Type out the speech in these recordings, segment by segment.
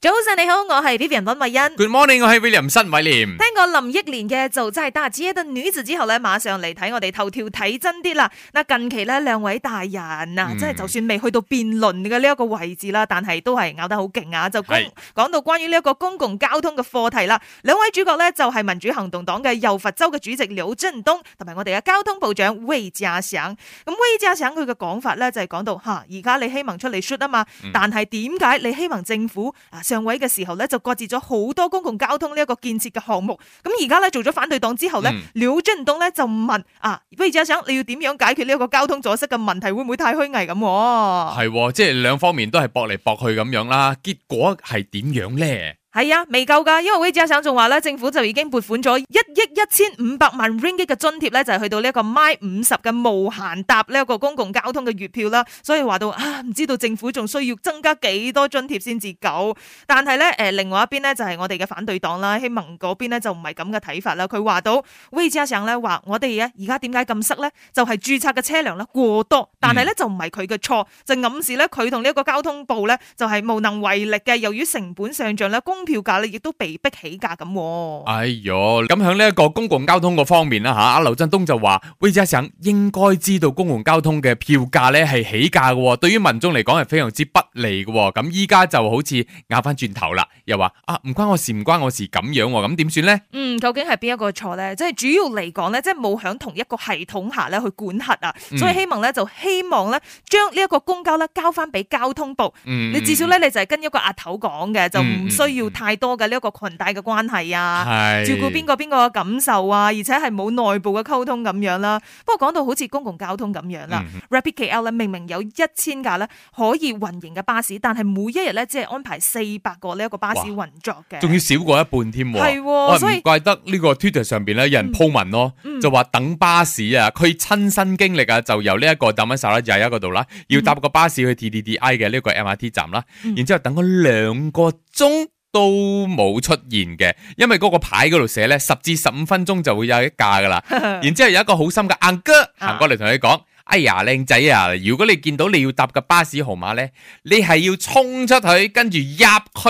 早晨，你好，我係 Vivian 溫慧欣。Good morning，我係 William 申偉廉。聽過林憶蓮嘅做真係大隻嘅女子之後咧，馬上嚟睇我哋頭條睇真啲啦。嗱，近期咧兩位大人啊，嗯、即係就算未去到辯論嘅呢一個位置啦，但係都係拗得好勁啊。就講是講到關於呢一個公共交通嘅課題啦，兩位主角咧就係、是、民主行動黨嘅柔佛州嘅主席劉振東同埋我哋嘅交通部長魏家祥。咁魏家祥佢嘅講法咧就係、是、講到吓，而、啊、家你希望出嚟 shoot 啊嘛，但係點解你希望政府啊？上位嘅時候咧，就擱置咗好多公共交通呢一個建設嘅項目。咁而家咧做咗反對黨之後咧，廖、嗯、俊東咧就問啊，不如想想你要點樣解決呢一個交通阻塞嘅問題，會唔會太虛偽咁？係、哦，即係兩方面都係駁嚟駁去咁樣啦。結果係點樣咧？係啊，未夠噶，因為威賈省仲話咧，政府就已經撥款咗一億一千五百萬 ringgit 嘅津貼咧，就係、是、去到呢一個 My50 嘅無限搭呢一個公共交通嘅月票啦。所以話到啊，唔知道政府仲需要增加幾多津貼先至夠？但係咧，誒、呃，另外一邊咧就係我哋嘅反對黨啦，希盟嗰邊咧就唔係咁嘅睇法啦。佢話到威賈省咧話，我哋誒而家點解咁塞咧？就係、是、注冊嘅車輛咧過多，但係咧、嗯、就唔係佢嘅錯，就是、暗示咧佢同呢一個交通部咧就係無能為力嘅。由於成本上漲咧，公票價咧亦都被逼起價咁。哎喲，咁響呢一個公共交通個方面啦吓，阿、啊、劉振東就話，維嘉想應該知道公共交通嘅票價咧係起價嘅，對於民眾嚟講係非常之不利嘅。咁依家，就好似拗翻轉頭啦，又話啊唔關我事唔關我事咁樣，咁點算咧？呢嗯，究竟係邊一個錯咧？即係主要嚟講咧，即係冇響同一個系統下咧去管轄啊。所以希望咧、嗯、就希望咧將呢一個公交咧交翻俾交通部。嗯、你至少咧你就係跟一個阿頭講嘅，就唔需要、嗯。太多嘅呢一個裙帶嘅關係啊，是照顧邊個邊個嘅感受啊，而且係冇內部嘅溝通咁樣啦、啊。不過講到好似公共交通咁樣啦、啊嗯、哼，Rapid KL 咧，明明有一千架咧可以運營嘅巴士，但係每一日咧只係安排四百個呢一個巴士運作嘅，仲要少過一半添。係、哦，所以唔怪得呢個 Twitter 上邊咧有人 po 文咯，嗯、就話等巴士啊，佢親身經歷啊、這個，就由呢、這、一個打溫沙拉日一嗰度啦，要搭個巴士去 T D D I 嘅呢一個 M R T 站啦，嗯、然之後等咗兩個鐘都冇出現嘅，因為嗰個牌嗰度寫咧十至十五分鐘就會有一架㗎喇， 然之後有一個好心嘅阿哥行過嚟同你講。啊哎呀，靚仔啊！如果你見到你要搭嘅巴士號碼呢，你係要衝出去，跟住入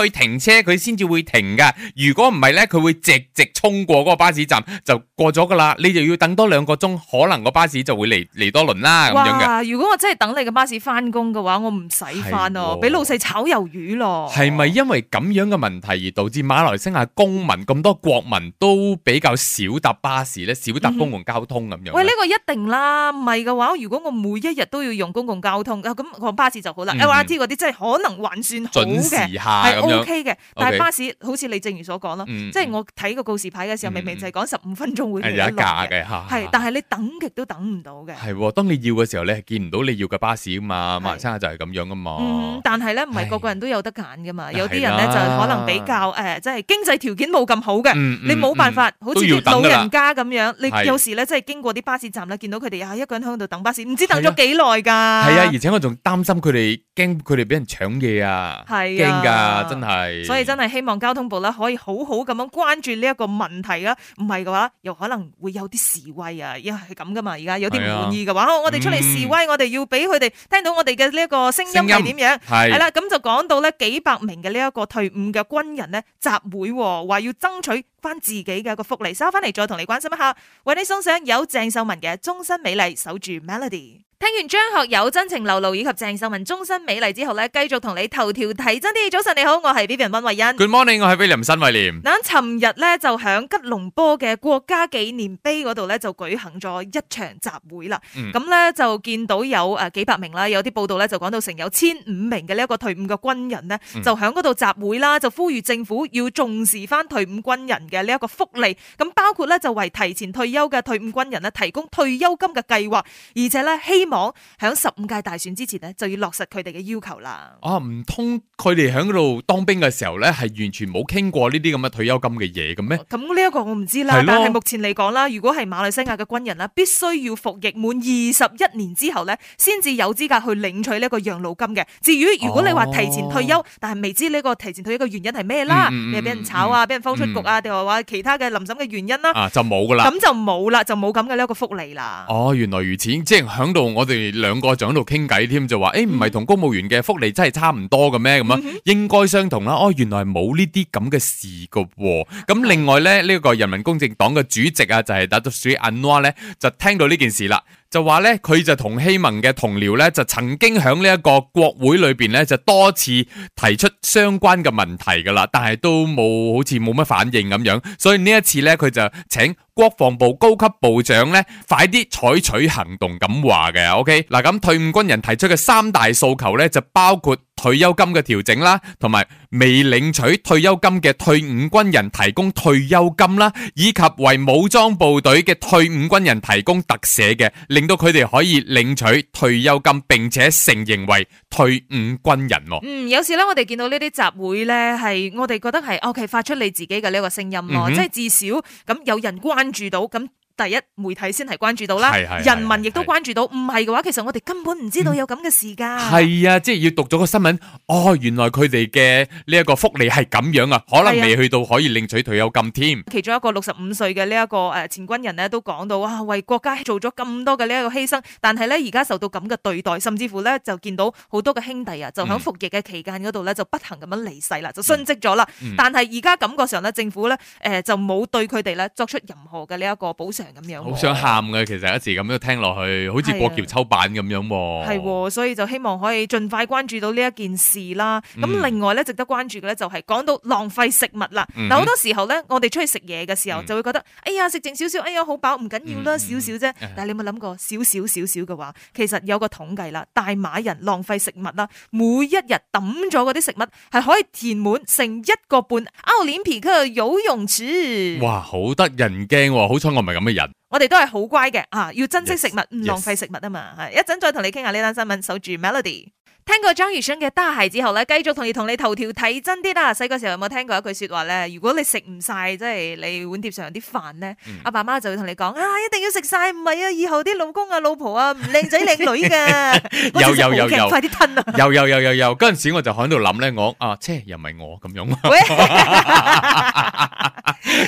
去停車，佢先至會停噶。如果唔係呢，佢會直直衝過嗰個巴士站就過咗噶啦。你就要等多兩個鐘，可能個巴士就會嚟嚟多輪啦，咁樣嘅。如果我真係等你嘅巴士翻工嘅話，我唔使翻哦，俾老細炒魷魚咯。係咪因為咁樣嘅問題而導致馬來西亞公民咁多國民都比較少搭巴士呢？少搭公共交通咁樣、嗯？喂，呢個一定啦，唔係嘅話如果我每一日都要用公共交通咁，坐巴士就好啦。L R T 嗰啲真係可能還算好嘅，係 O K 嘅。但係巴士好似你正如所講咯，即係我睇個告示牌嘅時候，明明就係講十五分鐘會翻嚟一架嘅，但係你等極都等唔到嘅。係，當你要嘅時候咧，見唔到你要嘅巴士啊嘛，民生就係咁樣啊嘛。嗯，但係咧唔係個個人都有得揀噶嘛，有啲人咧就可能比較誒，即係經濟條件冇咁好嘅，你冇辦法，好似啲老人家咁樣，你有時咧即係經過啲巴士站咧，見到佢哋啊一個人喺度等巴士。唔知等咗幾耐㗎？係啊，而且我仲擔心佢哋驚佢哋俾人搶嘢啊！係驚㗎，真係。所以真係希望交通部咧可以好好咁樣關注呢一個問題啦，啊。唔係嘅話，又可能會有啲示威啊，因為係咁噶嘛。而家有啲唔滿意嘅話，啊、我哋出嚟示威，嗯、我哋要俾佢哋聽到我哋嘅呢一個聲音係點樣。係啦，咁、啊、就講到咧幾百名嘅呢一個退伍嘅軍人咧集會，話要爭取。翻自己嘅一個福利，收翻嚟再同你關心一下，為你送上有鄭秀文嘅終身美麗，守住 Melody。聽完張學友真情流露以及鄭秀文終身美麗之後呢繼續同你頭條睇真啲。早晨你好，我係 i a n 温慧欣。Good morning，我係 B B 林新慧廉。嗱，尋日呢就響吉隆坡嘅國家紀念碑嗰度呢，就舉行咗一場集會啦。咁呢、嗯、就見到有誒幾百名啦，有啲報道呢就講到成有千五名嘅呢一個退伍嘅軍人呢，就響嗰度集會啦，就呼籲政府要重視翻退伍軍人嘅呢一個福利，咁包括呢就為提前退休嘅退伍軍人呢，提供退休金嘅計劃，而且呢希望網喺十五屆大選之前呢，就要落實佢哋嘅要求啦。啊，唔通佢哋喺度當兵嘅時候呢，係完全冇傾過呢啲咁嘅退休金嘅嘢嘅咩？咁呢一個我唔知啦。係咯。但係目前嚟講啦，如果係馬來西亞嘅軍人啦，必須要服役滿二十一年之後呢，先至有資格去領取呢一個養老金嘅。至於如果你話提前退休，但係未知呢個提前退休嘅原因係咩啦？又俾人炒啊，俾人封出局啊，定係話其他嘅臨審嘅原因啦？啊，就冇噶啦。咁就冇啦，就冇咁嘅呢一個福利啦。哦，原來如此，即係響度。我哋兩個就喺度傾偈，添，就話誒，唔係同公務員嘅福利真係差唔多嘅咩？咁啊，應該相同啦。哦，原來冇呢啲咁嘅事嘅，啊。咁另外咧，呢，這個人民公正黨嘅主席啊，就係、是、Dr. Anwar 咧，就聽到呢件事啦。就話咧，佢就同希盟嘅同僚咧，就曾經響呢一個國會裏邊咧，就多次提出相關嘅問題噶啦，但係都冇好似冇乜反應咁樣，所以呢一次咧，佢就請國防部高級部長咧，快啲採取行動咁話嘅。OK，嗱，咁退伍軍人提出嘅三大訴求咧，就包括。退休金嘅調整啦，同埋未領取退休金嘅退伍軍人提供退休金啦，以及為武裝部隊嘅退伍軍人提供特赦嘅，令到佢哋可以領取退休金，並且承認為退伍軍人。嗯，有時咧，我哋見到呢啲集會呢，係我哋覺得係 OK，發出你自己嘅呢個聲音咯，即係、嗯、哼至少咁有人關注到咁。第一媒體先係關注到啦，人民亦都關注到。唔係嘅話，其實我哋根本唔知道有咁嘅事㗎。係啊，即係要讀咗個新聞，哦，原來佢哋嘅呢一個福利係咁樣啊，可能未去到可以領取退休金添。其中一個六十五歲嘅呢一個誒前軍人咧，都講到啊，為國家做咗咁多嘅呢一個犧牲，但係咧而家受到咁嘅對待，甚至乎咧就見到好多嘅兄弟啊，就喺服役嘅期間嗰度咧就不幸咁樣離世啦，就殉職咗啦。但係而家感覺上咧，政府咧誒就冇對佢哋咧作出任何嘅呢一個補償。咁樣，好想喊嘅，其實一時咁樣聽落去，好似過橋抽板咁樣喎。係，所以就希望可以盡快關注到呢一件事啦。咁另外咧，值得關注嘅，咧就係講到浪費食物啦。嗱，好多時候咧，我哋出去食嘢嘅時候，就會覺得，哎呀，食剩少少，哎呀，好飽，唔緊要啦，少少啫。但係你有冇諗過，少少少少嘅話，其實有個統計啦，大馬人浪費食物啦，每一日抌咗嗰啲食物係可以填滿成一個半奧林匹克游泳池。哇，好得人驚，好彩我唔係咁嘅人。我哋都係好乖嘅啊，要珍惜食物，唔浪費食物啊嘛。係一陣再同你傾下呢單新聞，守住 Melody。聽過張宇軒嘅得鞋之後咧，繼續同你同你頭條睇真啲啦。細個時候有冇聽過一句說話咧？如果你食唔晒，即係你碗碟上有啲飯咧，阿爸媽就會同你講啊，一定要食晒，唔係啊，以後啲老公啊、老婆啊唔靚仔靚女嘅。又又又快啲吞啦！又又又又又，嗰陣時我就喺度諗咧，我啊，車又唔係我咁樣。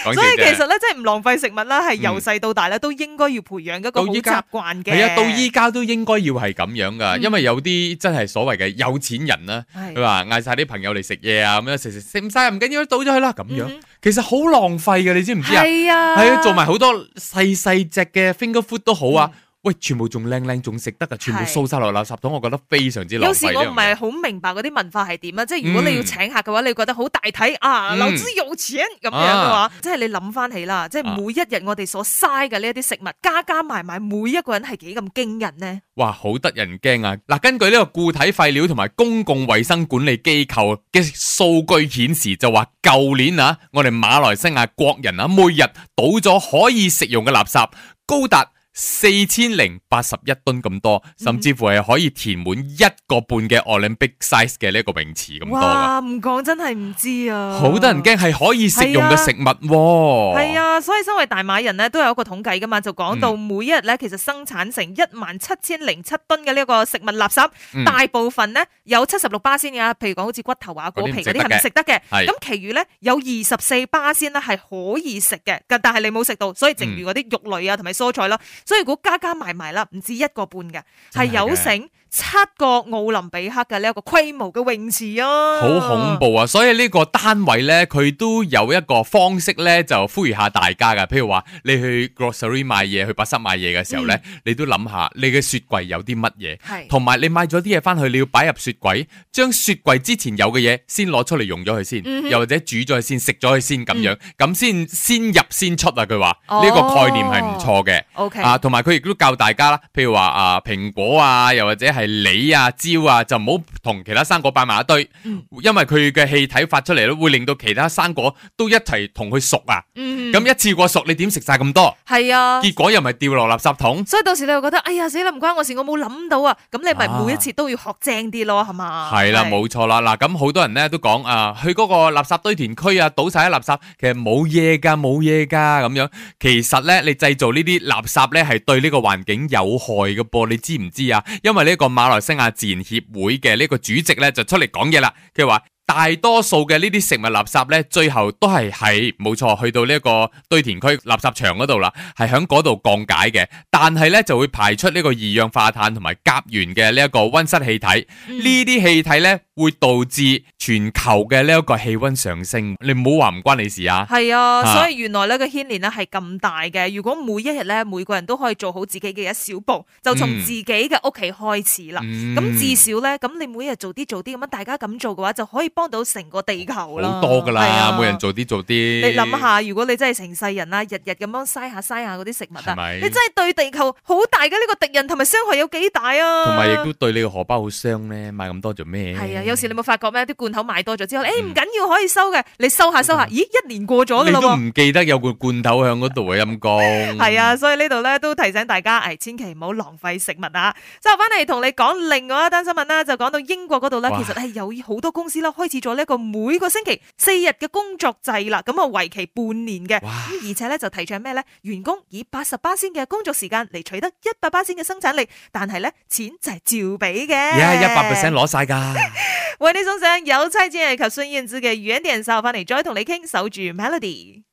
所以其實咧，即係唔浪費食物啦，係由細到大咧都應該要培養一個好習慣嘅。係啊，到依家、嗯、都應該要係咁樣噶，嗯、因為有啲真係所謂嘅有錢人啦，佢話嗌晒啲朋友嚟食嘢啊，咁樣食食食唔晒唔緊要，倒咗去啦咁樣，嗯、其實好浪費噶，你知唔知、嗯、啊？係啊，係啊，做埋好多細細隻嘅 finger food 都好啊。嗯喂，全部仲靚靚，仲食得啊！全部掃晒落垃圾桶，是我覺得非常之浪費。有時我唔係好明白嗰啲文化係點啊，嗯、即係如果你要請客嘅話，你覺得好大體啊？老子、嗯、有錢咁樣嘅話，啊、即係你諗翻起啦，即係每一日我哋所嘥嘅呢一啲食物，啊、加加埋埋，每一個人係幾咁驚人呢？哇，好得人驚啊！嗱，根據呢個固體廢料同埋公共衛生管理機構嘅數據顯示，就話舊年啊，我哋馬來西亞國人啊，每日倒咗可以食用嘅垃圾高達四千零八十一噸咁多，甚至乎係可以填滿一個半嘅 Olympic size 嘅呢一個泳池咁多嘅。哇，唔講真係唔知啊。好多人驚係可以食用嘅食物、啊。係啊，所以身為大馬人咧，都有一個統計噶嘛，就講到每一日咧，其實生產成一萬七千零七噸嘅呢一個食物垃圾，嗯、大部分咧有七十六巴仙嘅，譬如講好似骨頭啊、果皮嗰啲係咪食得嘅。咁，是其餘咧有二十四巴仙咧係可以食嘅，但係你冇食到，所以剩餘嗰啲肉類啊同埋蔬菜咯。嗯所以如果加加埋埋啦，唔止一個半嘅，係有成七個奧林比克嘅呢一個規模嘅泳池啊！好恐怖啊！所以呢個單位咧，佢都有一個方式咧，就呼籲下大家㗎。譬如話，你去 grocery 買嘢，去百室買嘢嘅時候咧，嗯、你都諗下你嘅雪櫃有啲乜嘢，同埋是你買咗啲嘢翻去，你要擺入雪櫃，將雪櫃之前有嘅嘢先攞出嚟用咗佢先，嗯、哼又或者煮咗先食咗佢先咁樣，咁先、嗯、先入先出啊！佢話呢個概念係唔錯嘅。嗯、OK。啊，同埋佢亦都教大家啦，譬如話啊蘋果啊，又或者係梨啊、蕉啊，就唔好同其他生果擺埋一堆，因為佢嘅氣體發出嚟咧，會令到其他生果都一齊同佢熟啊。咁一次過熟，你點食晒咁多？係啊，結果又咪掉落垃圾桶。所以到時你又覺得，哎呀，死啦，唔關我事，我冇諗到啊。咁你咪每一次都要學正啲咯，係嘛？係啦，冇錯啦。嗱，咁好多人咧都講啊，去嗰個垃圾堆填區啊，倒晒啲垃圾，其實冇嘢噶，冇嘢噶咁樣。其實咧，你製造呢啲垃圾咧，係對呢個環境有害嘅噃，你知唔知啊？因為呢個馬來西亞自然協會嘅呢個主席咧就出嚟講嘢啦，佢話。大多數嘅呢啲食物垃圾咧，最後都係喺冇錯，去到呢一個堆填區垃圾場嗰度啦，係響嗰度降解嘅。但係咧就會排出呢個二氧化碳同埋甲烷嘅呢一個溫室氣體，呢啲，嗯、氣體咧會導致全球嘅呢一個氣溫上升。你唔好話唔關你事啊。係啊，啊所以原來呢，呢個牽連咧係咁大嘅。如果每一日咧每個人都可以做好自己嘅一小步，就從自己嘅屋企開始啦。咁，嗯嗯，至少咧，咁你每日做啲做啲咁樣，大家咁做嘅話就可以幫。幫到成個地球啦，好多噶啦，每人做啲做啲。你諗下，如果你真係成世人啦，日日咁樣嘥下嘥下嗰啲食物啊，你真係對地球好大嘅呢個敵人同埋傷害有幾大啊？同埋亦都對你個荷包好傷咧，買咁多做咩？係啊，有時你冇發覺咩？啲罐頭買多咗之後，誒唔緊要，可以收嘅，你收下收下，咦一年過咗噶啦，你都唔記得有罐罐頭響嗰度啊？陰公係啊，所以呢度咧都提醒大家，誒，千祈唔好浪費食物啊！就翻嚟同你講另外一單新聞啦，就講到英國嗰度咧，其實係有好多公司咧。開始咗呢個每個星期四日嘅工作制啦，咁啊為期半年嘅，哇而且咧就提倡咩咧？員工以八十巴仙嘅工作時間嚟，取得一百巴仙嘅生產力，但係咧錢就係照俾嘅，一百 percent 攞晒噶。喂， 為你送上有妻子，日求孫燕姿嘅語音人手翻嚟，再同你傾，守住 Melody。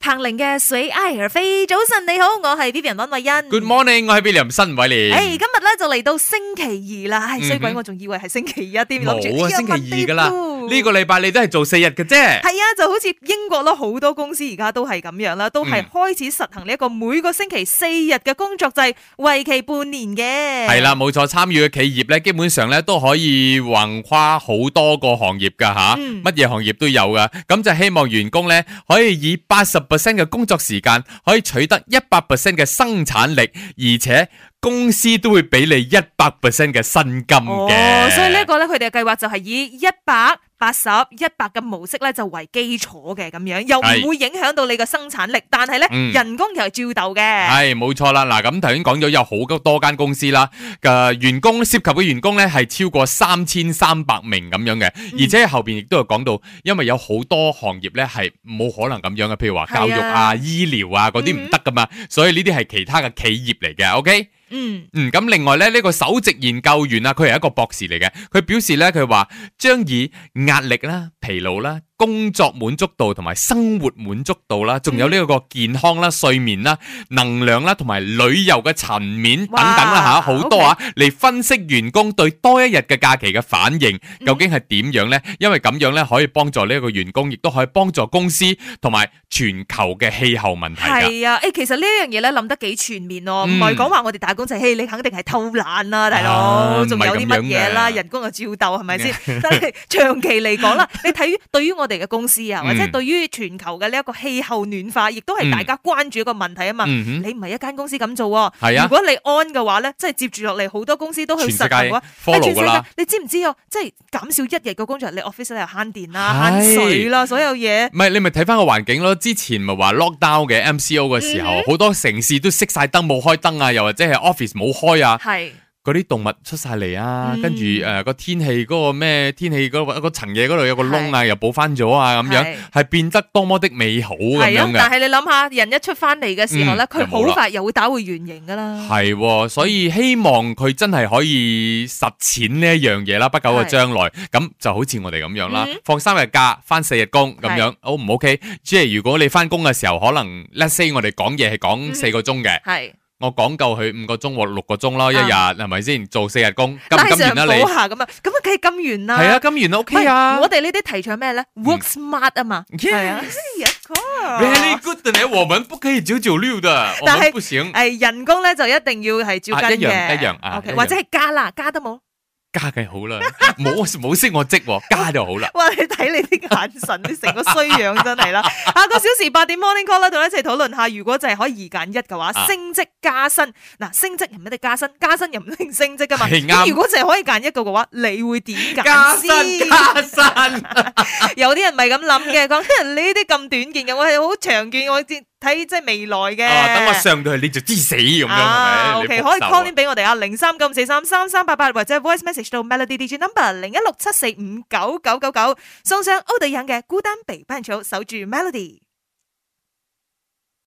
彭玲嘅水埃而飛，早晨你好，我係 Vivian 溫慧欣。Good morning，我係 William 新偉廉。誒、哎，今日咧就嚟到星期二啦，衰、嗯哼哎、鬼，我仲以為係星期一添，諗住星期二噶啦。呢個禮拜你都係做四日嘅啫，係啊，就好似英國咯，好多公司而家都係咁樣啦，都係開始實行呢一個每個星期四日嘅工作制，為期半年嘅。係啦，冇錯，參與嘅企業咧，基本上咧都可以橫跨好多個行業噶吓，乜嘢行業都有噶，咁就希望員工咧可以以八十 percent 嘅工作時間，可以取得一百 percent 嘅生產力，而且。公司都會俾你一百 percent 嘅薪金嘅、哦，所以呢個呢，佢哋嘅計劃就係以一百八十一百嘅模式呢，就為基礎嘅咁樣，又唔會影響到你嘅生產力，但係呢，嗯、人工又係照斗嘅。係冇錯啦，嗱咁頭先講咗有好多多間公司啦，嘅、呃、員工涉及嘅員工呢係超過三千三百名咁樣嘅，而且後邊亦都有講到，因為有好多行業呢係冇可能咁樣嘅，譬如話教育啊、啊醫療啊嗰啲唔得噶嘛，嗯、所以呢啲係其他嘅企業嚟嘅，OK。嗯嗯，咁另外咧，呢個首席研究員啊，佢係一個博士嚟嘅，佢表示咧，佢話將以壓力啦、疲勞啦，工作滿足度同埋生活滿足度啦，仲有呢個健康啦、睡眠啦、能量啦，同埋旅遊嘅層面等等啦嚇，好多啊，嚟分析員工對多一日嘅假期嘅反應究竟係點樣呢？因為咁樣呢，可以幫助呢個員工，亦都可以幫助公司同埋全球嘅氣候問題。係啊，誒，其實呢樣嘢呢諗得幾全面喎，唔係講話我哋打工仔，誒，你肯定係偷懶啊，大佬，仲有啲乜嘢啦？人工嘅照鬥係咪先？長期嚟講啦，你睇對於我。我哋嘅公司啊，或者對於全球嘅呢一個氣候暖化，亦都係大家關注一個問題啊嘛。嗯、哼你唔係一間公司咁做喎。係啊，如果你安嘅話咧，即係接住落嚟好多公司都去實行。全世界，全世界，了你知唔知啊？即係減少一日嘅工作，你 office 又慳電啦、慳是水啦，所有嘢。唔係，你咪睇翻個環境咯。之前咪話 lock down 嘅 MCO 嘅時候，好、嗯、哼多城市都熄晒燈冇開燈啊，又或者係 office 冇開啊。係是。嗰啲動物出晒嚟啊，跟住誒個天氣嗰個咩天氣嗰一層嘢嗰度有個窿啊，又補翻咗啊，咁樣係變得多麼的美好咁嘅。但係你諗下，人一出翻嚟嘅時候呢，佢好快又會打回原形噶啦。係，所以希望佢真係可以實踐呢一樣嘢啦。不久嘅將來，咁就好似我哋咁樣啦，放三日假，翻四日工咁樣，O 唔 O K？即係如果你翻工嘅時候，可能 let's say 我哋講嘢係講四個鐘嘅。我講夠佢五個鐘或六個鐘啦，一日係咪先做四日工？咁金元啦，你咁啊，咁啊佢係金元啦，係啊，金元啦，O K 啊。我哋呢啲提倡咩咧？Work smart 啊嘛，係啊，Yes，of course. Really good 咧，我們不可以九九六的，我們不行。誒，人工咧就一定要係照一樣一樣啊，或者係加啦，加得冇。加就好啦，冇冇 升我職，加就好啦。哇！你睇你啲眼神，你成個衰樣真係啦。 下個小時八點 morning call 喺度一齊討論下，如果就係可以二揀一嘅話，啊、升職加薪嗱，升職又唔一定加薪，加薪又唔一定升職噶嘛。對如果就係可以揀一個嘅話，你會點揀？加薪。 有啲人唔係咁諗嘅，講呢啲咁短見嘅，我係好長見，我睇即係未來嘅、啊。等我上到去你就知死咁、啊、樣 OK、啊、可以 call in 俾我哋啊，零三九五四三三三八八，或者 voice message 到 Melody DJ number 零一六七四五九九九九，送上歐隊人嘅孤單被班草」，守住 Melody。